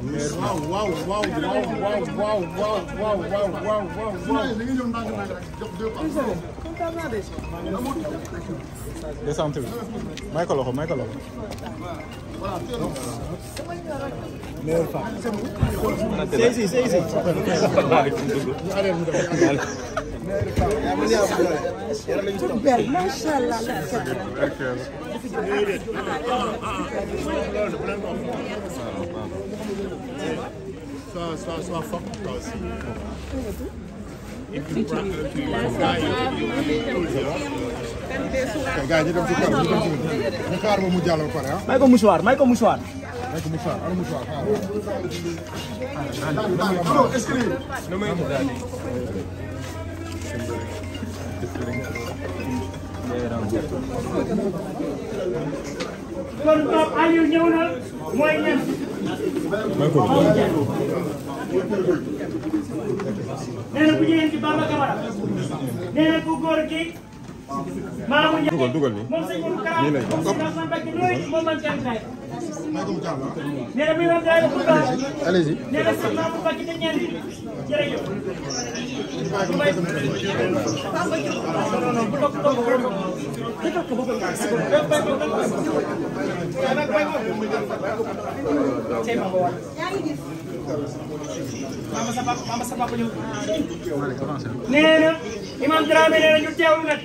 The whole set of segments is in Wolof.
waaw waaw waaw waaw waaw waaw waaw waaw waaw waaw waaw waaw da ngeen ñëw ndànk ndànk rek jox deux pas descente bi may ko loxo may ko loxo meilleur pas c'est ici c'est ici masha Allah Soit, soit, soit fort toi aussi. Et puis, prends gars yi ñu dem ci kër ñu dem ci ñu xaar ba mu jàll ba pare ah. may ko mouchoir may ko mouchoir. may ko mouchoir ana mouchoir. non est-ce que lii. kon Pape Aliou ñëw na mooy ñan. nee na ku jigéen ci Bamba Camara nee na ku góor gi Maamu Ndiaye dugal dugal nii nii lay doon moom man seen xaay. nee na muy wax gars yi bu baax. allez-y nee na si Maamu Mbacke te ñeent jërëjëf. non non non bu toog bu toog tey ma ko war. maama sa papa maama nee na imam Dramé nee na ñu teewlu nag.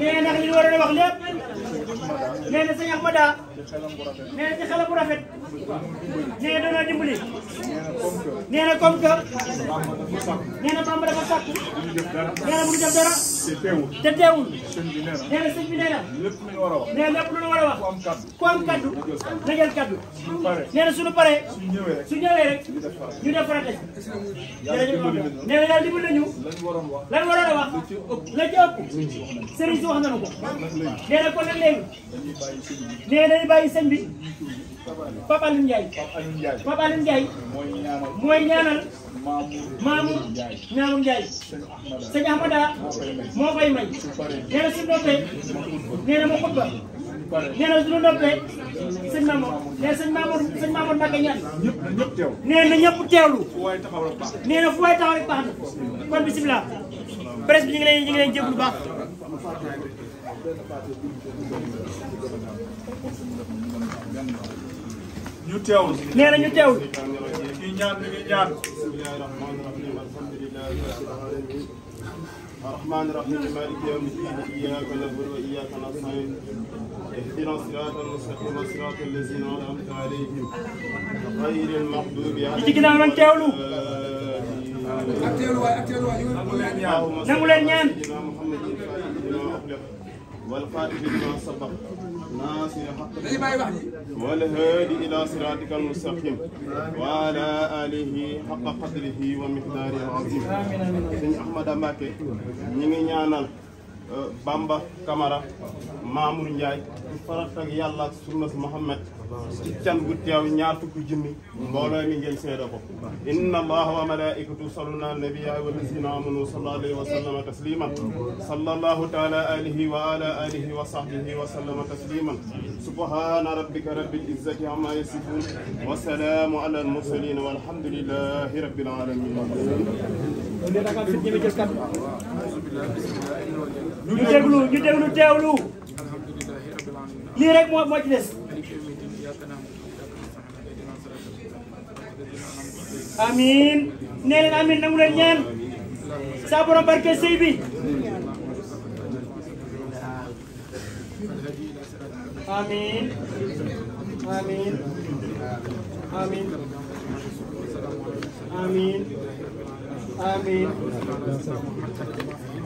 nee na ndax li ñu a wax lépp. nee na sëñ Ahmada. nee na ci xelam bu rafet. nee na danoo dimbali. nee na comme que. nee na Bamba dafa sàkk. nee dara. te teewul. te teewul. nee na sëñ bi nee na. lépp lu war a wax. nee a wax. ku am kaddu. na jël kaddu. nee na suñu paree. su ñëwee rek. ñu def farata. nee na yàlla dimbali nañu. lan waroon a wax. la ci ëpp. sëriñ si wax nañu ko. nee na kon nag léegi. nee na dañuy bi. Pape Alioune Ndiaye. Pape Alioune Ndiaye. mooy ñaanal. Mamour Ñaamu Ndiaye. sëñ Ahmada moo koy may. nee na su noppee. nee na mu xutba. nee na su noppee. sëñ Mamour nee sëñ Mamour sëñ Mamour Mbacke ñaan. nee na ñëpp teewlu. nee na fu waay taxaw rek baax kon bisimilah. presse bi ñu ngi leen ñu ngi leen jéglu baax. ñu teewul. nee na ñu teewul. ñu ñaan ñu ñaan. الرحمن الرحيم مالك يوم الدين اياك نعبد واياك نستعين اهدنا الصراط المستقيم صراط الذين انعمت عليهم غير المغضوب عليهم اللهم صل على سيدنا محمد والفاتح لما سبق ناصر حق والهادي إلى صراطك المستقيم وعلى آله حق قدره ومقداره العظيم سيدي أحمد مكي نيغي نيانال Euh, Bamba Camara Mamour Ndiaye ci farat ak yàlla ak sunna Muhammad ci can gu teew ñaar fukki junni mbooloo mi ngeen seede ko inna allaha wa malaikatu yusalluna ala nabiyyi wa lazina amanu sallallahu alayhi wa sallama tasliman sallallahu taala alihi wa ala alihi wa sahbihi wa sallama tasliman subhana rabbika rabbil izzati amma yasifun wa salaamu ala al mursalin walhamdulillahi rabbil alamin ñu déglu ñu déglu teewlu rek moo moo amin nee amin nangu leen ñaan sa borom barke bi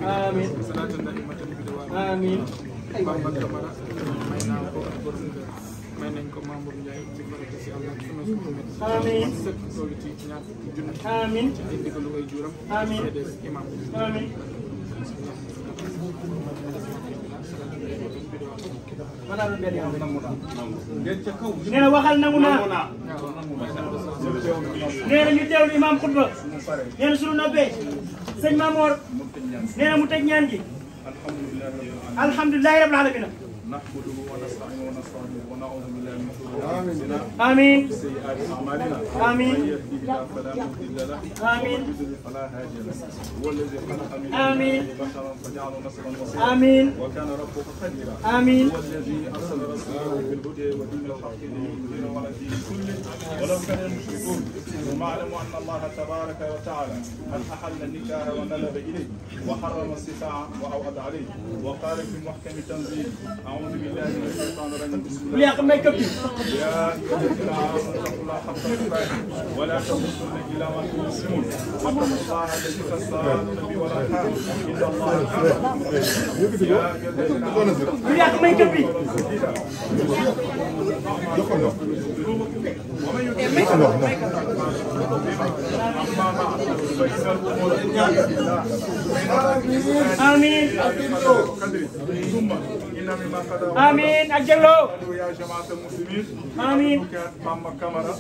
آمين آمين Bamba Camara may naa ko ak borom kër may nañ ko Mamour Ndiaye ci barke si Allah sunu sunu amiin sëkk toolu ci ñaar fukki junni amiin ci ay ndigalu way juram amiin des imam amiin nee na waxal nangu naa nee na ñu teewlu imam xutba nee na sunu noppee sëñ Mamor nee na mu tëj ñaan gi alhamdulilahi rabbil alamin نحمده ونستعينه ونستغفره ونعوذ بالله من شرور انفسنا امين سيئات اعمالنا امين من يهده الله فلا مضل له امين ومن يضلل فلا هادي له هو الذي خلق من امين بشرا فجعله نصرا بصيرا امين وكان ربك قديرا امين هو الذي ارسل رسوله بالهدى ودين الحق ليظهره على الدين كله ولو كان المشركون ثم اعلموا ان الله تبارك وتعالى قد احل النكاح ونلب اليه وحرم السفاع واوعد عليه وقال في محكم تنزيل يا ما يكفي يا اتقوا الله حق تقاته ولا تموتن الا وانتم مسلمون واتقوا الله الذي تساءلون به والارحام ان الله كان يا ما يكفي ومن يطع الله امين ثم amiin ak Jallo ya jamaatul muslimin amiin Mama Camara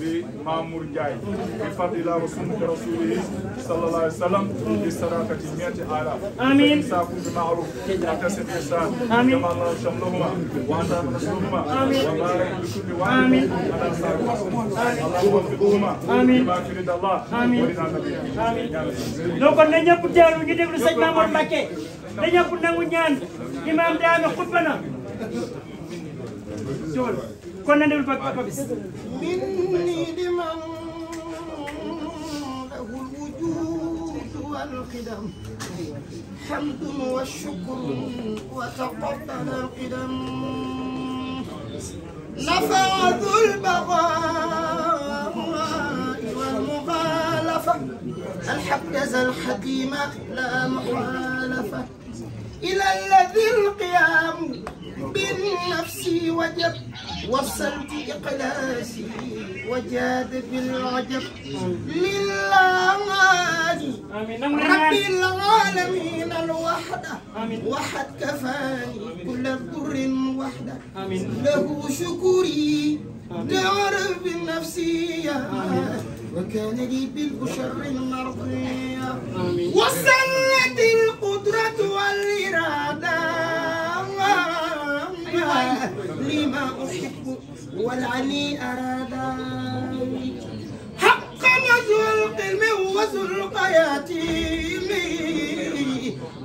di Mamour Ndiaye bi fadlillah wa sunnati rasulih sallallahu alayhi wa sallam bi sadaqati mi'ati alaf amiin saakum bi ma'ruf wa tasib ihsan amiin jamaala shamluhuma wa anta nasruhuma amiin wa barik li kulli wa'in amiin ala saakum allahumma fiqhuma amiin ma firid allah amiin amiin donc ne ñëpp teewlu ñu déglu sëñ Mamour Mbacké dañoo ko nangu ñaan imaam daame xutba na jóol kon na ndewul papa bis minni di man lahul wujud wal qidam حمد والشكر وتقبل القدم نفع ذو البغاء والمخالفة الحق ذا الحكيمة لا مخالفة إلى الذي القيام بالنفس وجب وصلت إقلاسي وجاد بالعجب لله رب العالمين الوحدة وحد كفاني كل ضر وحدة له شكري تعرف بالنفسية وكان لي بالبشر المرضية وصلت القدرة لما أحب والعلي أرادا حقا ذو القلم وذو القياتيم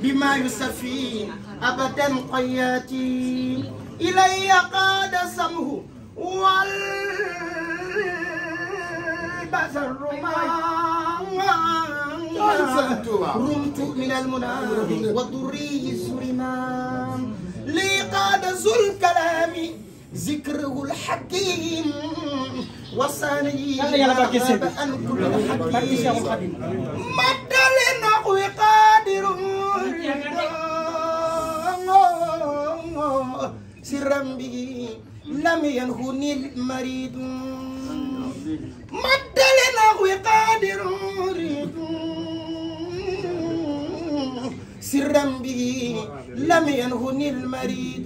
بما يسفي أبدا قياتي إلي قاد سمه والبزر ما رمت من المنى والضري سرما لي قاد ذو الكلام ذكره الحكيم وصاني غاب عن كل حكيم مد لنحو قادر سرا به لم ينهني المريض مد لنحو قادر سرا به لم ينهني المريد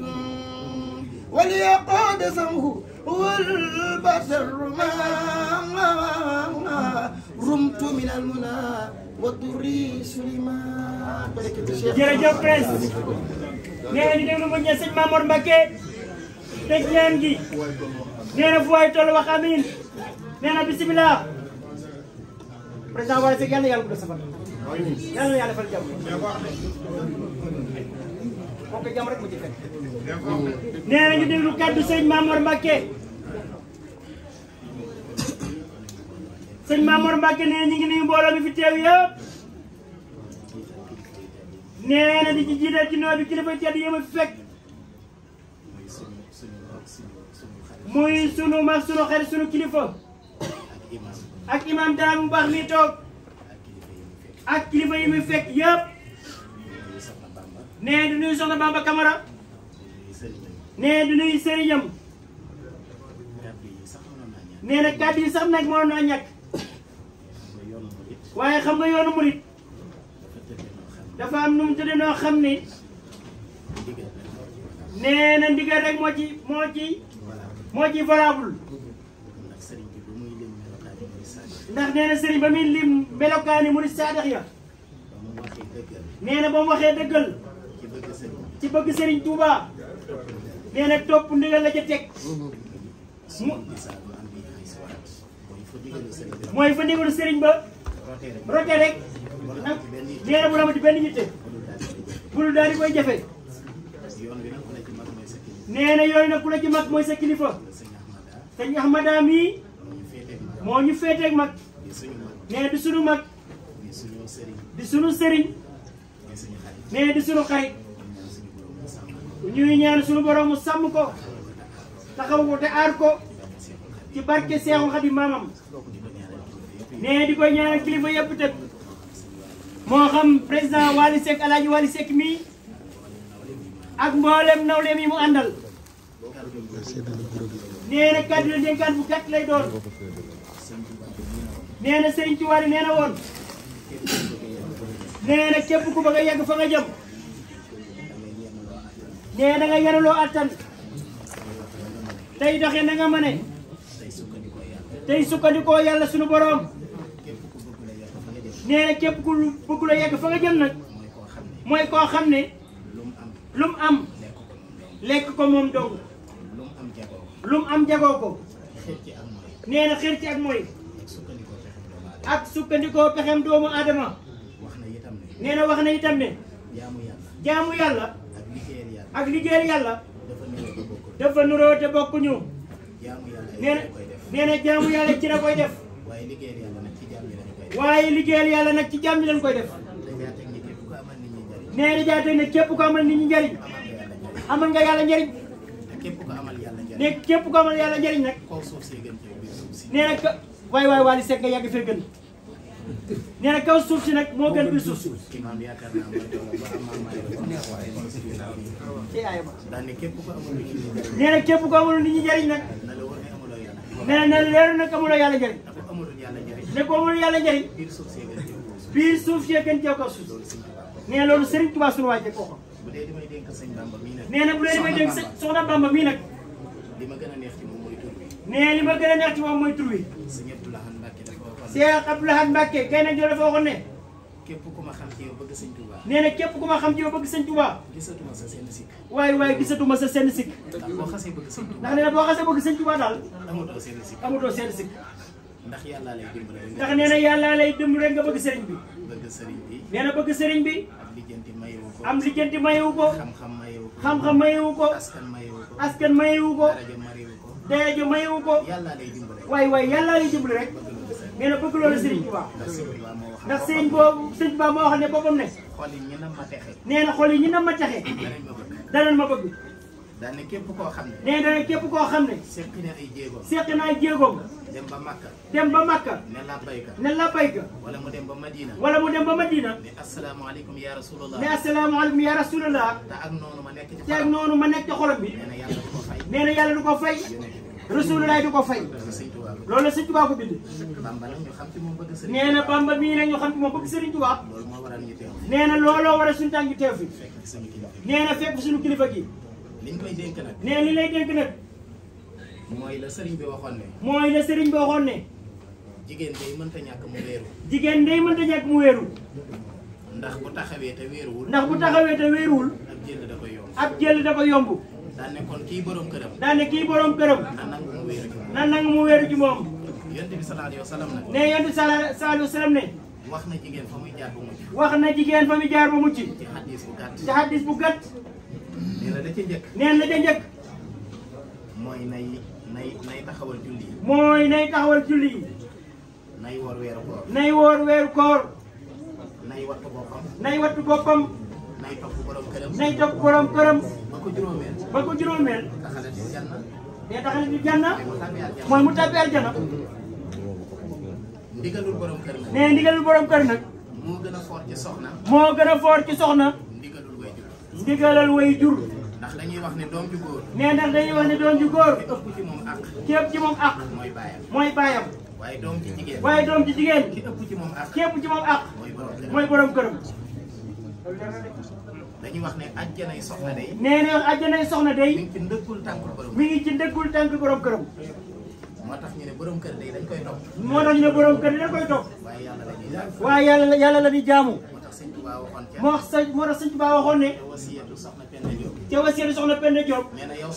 وليقاد سمه والبشر ما رمت من المنى والضري سليمان jërëjëf Prince nee na ñu déglu mu ñëw sëñ Mamour Mbacke teg ñaan gi nee na fu waay toll wax amiin nee na yàlla na yàlla defal jàmm kooku jàmm rek mu ci fekk. nee na ñu déglu ngi nuyu mbooloo fi teew yëpp. nee di ci jiital ci noo bi kilifa tedd yi fekk. muy sunu mag sunu xarit sunu kilifa. ak imam daal bu baax mi ak kilifa yi muy fekk yëpp nee du nuyu soxna Bamba Camara nee du nuyu sëriñam nee na kàddu yi sax nag mënoon naa ñàkk waaye xam nga yoonu murit dafa am nu mu tëddee noo xam ne nee na ndigal rek moo ci moo ci moo ci valable ndax nee na sëriñ ba muy lim melokaani murid saadax ya nee na ba mu waxee dëggal ci bëgg sëriñ Touba nee na topp ndigal la ca teg mu mooy fa ndigalu sëriñ ba rote rek nag nee na bu ramati benn ñitte bul daal di koy jafe nee na yooyu nag ku la ci mag mooy sa kilifa sëñ Ahmada mii moo ñu féeteeg mag nee di sunu mag di sunu sëriñ nee di sunu xarit ñuy ñaan sunu borom mu sàmm ko taxaw ko te aar ko ci barke Seexul Xadim maamam nee di ko ñaanal kilifa yëpp tëg moo xam président Wally Seck alaaji mii ak mboolem nawleem yi mu àndal nee na kàddu la dénkaan bu gàtt lay doon nee na sëñ ci wari nee na woon nee na képp ku bëgg a yegg fa nga jëm nee da nga yaraloo attan tey doxe na nga ma ne tey sukkandikoo yàlla sunu boroom nee képp ku bëgg la yegg fa nga jëm nag mooy koo xam ne lu mu am lekk ko moom dong lu mu am jagoo ko nee na ci ak mooy ak sukkandikoo pexem doomu aadama wax na itam ne nee na wax na itam ne jaamu yàlla jaamu yàlla ak liggéeyal yàlla ak liggéeyal yàlla dafa nuroo te bokkuñu nee na nee na jaamu yàlla ci la koy def waaye liggéeyal yàlla nag ci jaam ñi lañ koy def waaye liggéeyal yàlla nag ci jaam ñi lañ koy def nee na jaateg ne képp ko amal nit ñi njariñ amal nga yàlla njariñ ne képp ko amal yàlla njariñ nag kaw suuf si gën ci biir suuf si nee na waay waay Wally Seck nga yàgg fee gën nee na kaw suuf si nag moo gën biir suuf si. nee na képp ko amul nit ñi jëriñ nag. nee na na leer nag amuloo yàlla jëriñ. ne ko amul yàlla jëriñ. biir suuf si gën teew kaw suuf si. nee na loolu Serigne Touba sunu waajee koo xam. nee na bu li ma gën a neex ci moom mooy tur wi. Cheikh Abdou Lahad Mbacké kay nag ñoo dafa waxoon ne képp ku ma xam ci yow bëgg sëñ Touba nee na képp ku ma xam ji yow bëgg sëñ Touba sa seen sikk waaye waaye gisatuma sa seen sikk ndax boo xasee bëgg sëñ Touba ndax nee na boo xasee bëgg sëñ Touba daal amatoo seen sikk amatoo seen ndax yàllaa na yàllaa lay dimbali rek nga bëgg sëriñ bi bëgg bi nee na bëgg sëriñ bi am lijjanti mayewu ko am lijjanti xam-xam mayewu ko xam ko askan mayewu ko askan mayewu ko daraja mayewu ko daraja mayewu ko yàllaa lay dimbali waaye waaye yàllaa lay dimbali rek nee na bëgg loolu Serigne Touba ndax sëñ boobu sëñ Touba moo wax ne boppam ne nee na xool ma texe danañ ma bëgg daan képp koo xam ne. nee na képp koo xam ne. seq na ay jéegoom. seq na ay jéegoom. dem ba Makka. ba Makka. ne la ne labbayka. wala mu dem Madina. wala mu dem ba Madina. ne asalaamaaleykum yaa rasulallah. ne asalaamaaleykum yaa rasulallah. te ak noonu ma nekk ci xolam bi. te ak noonu ma nekk ci xolam bi. nee na yàlla du ko fay. nee na yàlla du ko fay. rasulullah di ko fay. loolu la sëñ Tuubaa ko bind. nee na bamba mii nag ñu xam ci moom bëgg sëriñ Tuubaa. nee na looloo waral suñu tànk teew fi. nee na fekk suñu kilifa gi. liñ koy dénk nag. nee li lay dénk nag. mooy la sëriñ bi waxoon ne. mooy la sëriñ bi waxoon ne. jigéen day mënta ñàkk mu wéeru. jigéen day mënta ñàkk mu wéeru. ndax bu taxawee te wéeruwul. ndax bu taxawee te wéeruwul. ab jël da koy yomb. ab jël da koy yomb. daa nekkoon kii borom këram. daa kii borom këram. na nangu mu wéeru ci moom. na mu wéeru ci bi sallallahu alayhi wa sallam nag. ne yonent bi sallallahu alayhi wa sallam ne. wax na jigéen fa muy jaar ba mucc. wax na jigéen fa muy jaar ba mucc. ci xaddis bu gàtt. ci xaddis bu gàtt. nee na da ca njëkk. nee na da njëkk. mooy nay nay nay taxawal julli yi. mooy nay taxawal julli yi. nay woor weeru koor. nay woor weeru koor. nay wattu boppam. nay wattu topp borom këram. nay topp borom këram. ko juróomeel bal ko juróomeel te taxale di janna mooy mu tàbbi aljana ndigalul borom kër nag nee ndigalul borom kër nag moo gën a foor ci soxna moo gën a foor ci soxna ndigalul way jur ndigalal way jur doom ju góor nee ndax dañuy wax ne doom ju góor ki ëpp ci moom àq ki ëpp ci moom àq mooy baayam mooy baayam waaye doom ci jigéen waaye doom ki ëpp ci moom àq ki ëpp ci moom àq mooy borom dañuy wax ne àjjanay soxna day. nee na wax àjjanay soxna day. mi ngi ci ndëggul ci ndëggul tànk borom këram. moo tax ñu ne borom kër day dañ koy moo tax ñu ne waaye yàlla la ñuy jaamu. waaye yàlla yàlla la ñuy jaamu. moo tax sëñ Tuubaa waxoon ca. moo wax sëñ moo tax sëñ Tuubaa waxoon ne. ca wasiyatu soxna Penda Diop. ca wasiyatu soxna Penda si. nee na yow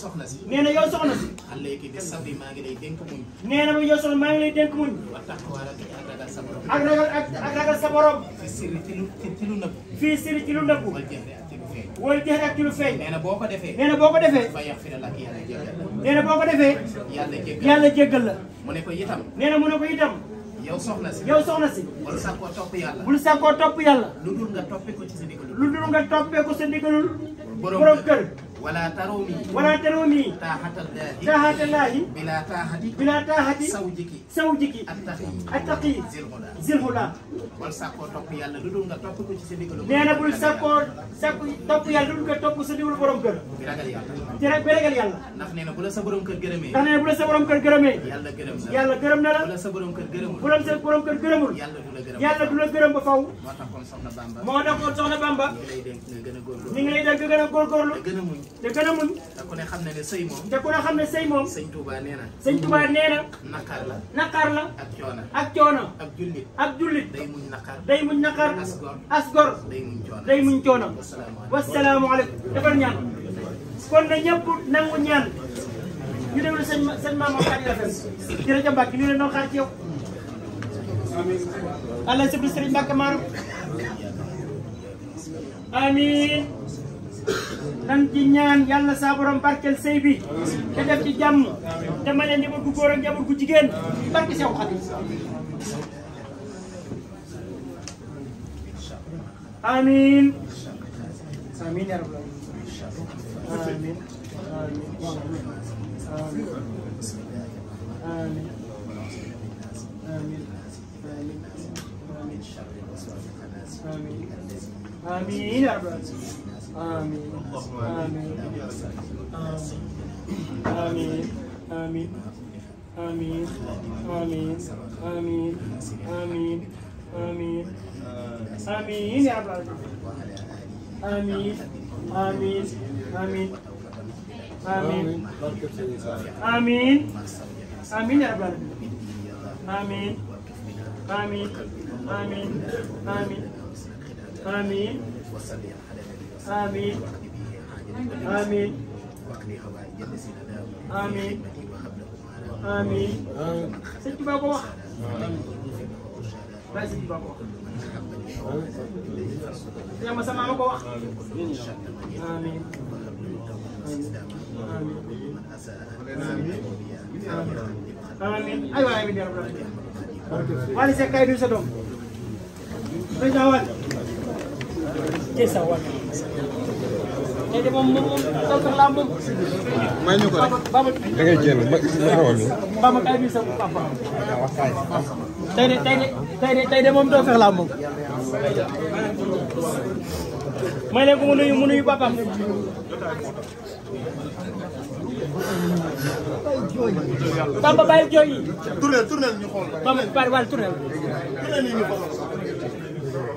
soxna si. maa ngi lay dénk muñ. nee na ma yow soxna maa ngi lay dénk muñ. ak ragal sa borom. ak ak ragal sa borom. fii siri ci lu ci lu siri ci lu nëbbu. feeñ wóolu jeex ak ci lu feeñ nee boo ko defee nee na boo ko defee fa yax fira la yàlla boo ko defee yàlla jéggal yàlla jéggal la mu ne ko itam nee na mu ne ko itam yow soxna si yow soxna si bul sàkkoo topp yàlla bul sàkkoo topp yàlla lu dul nga toppee ko ci sa ndigalul lu dul nga toppee ko sa ndigalul borom kër ولا ترومي ولا ترومي تاحة الله تاحة الله بلا تاحة بلا تاحة زوجك زوجك التقي التقي ذي الهدى ذي topp yàlla lu dul nga topp ko ci sa ndigalu nee kër bi rek bi ragal yàlla ndax nee na la sa borom kër gërëmee ndax nee na sa borom kër gërëmee yàlla gërëm na la bu sa borom kër gërëmul bu la sa borom kër yàlla du la gërëm yàlla du la gërëm ba faw moo taxoon soxna Bamba moo taxoon soxna Bamba ñu ngi lay dénk nga gën a góorgóorlu ñu ngi lay dénk nga gën a góorgóorlu te gën a muñ te xam ne ne sëy moom te ku ne xam ne sëy moom sëñ Touba nee na sëñ na ab jullit ab jullit day muñ naqar day muñ naqar asgor asgor day muñ coono day muñ coono wasalaamualeykum defal ñaan kon na ñëpp nangu ñaan ñu déglu sëñ sëñ maam Xaar Yàlla jërëjëf Mbacke ñu dan ci ñaan yàlla saa borom barkeel sëy bi te def ci jàmm te ma leen njaboot gu góor ak njaboot gu jigéen barke amin amin amin amin amin amin آمين آمين آمين آمين آمين آمين آمين آمين آمين آمين يا رب آمين آمين آمين آمين آمين آمين يا رب آمين آمين آمين آمين آمين وسلم آمين آمين آمين آمين سيدي بابا واحد لا سيدي بابا يا ما سمع بابا واحد آمين آمين أيوة يا بني رب العالمين والي سكاي دوسة دوم رجع والي كيسا والي léegi moom moom moom sax laa moom. may ñu ko rek Bamba da ngay génn ma xawal ñu. Bamba kay bi sa papa. tey de tey de tey de tey de moom doo fex laa moom. may leen ko mu nuyu mu nuyu papaam. Bamba bàyyi jooy yi. tournel tournel ñu xool. Bamba bàyyi wàllu tournel. tournel yi ñu xool.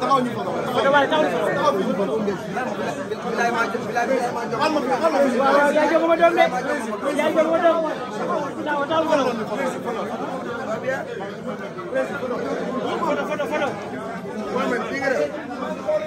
taxaw ñu foto taxaw ñu foto bilaay ma jëm bilaay ma jëm man ma yaa jëm ma doom de yaa jëm ma doom taxaw taxaw foto foto foto foto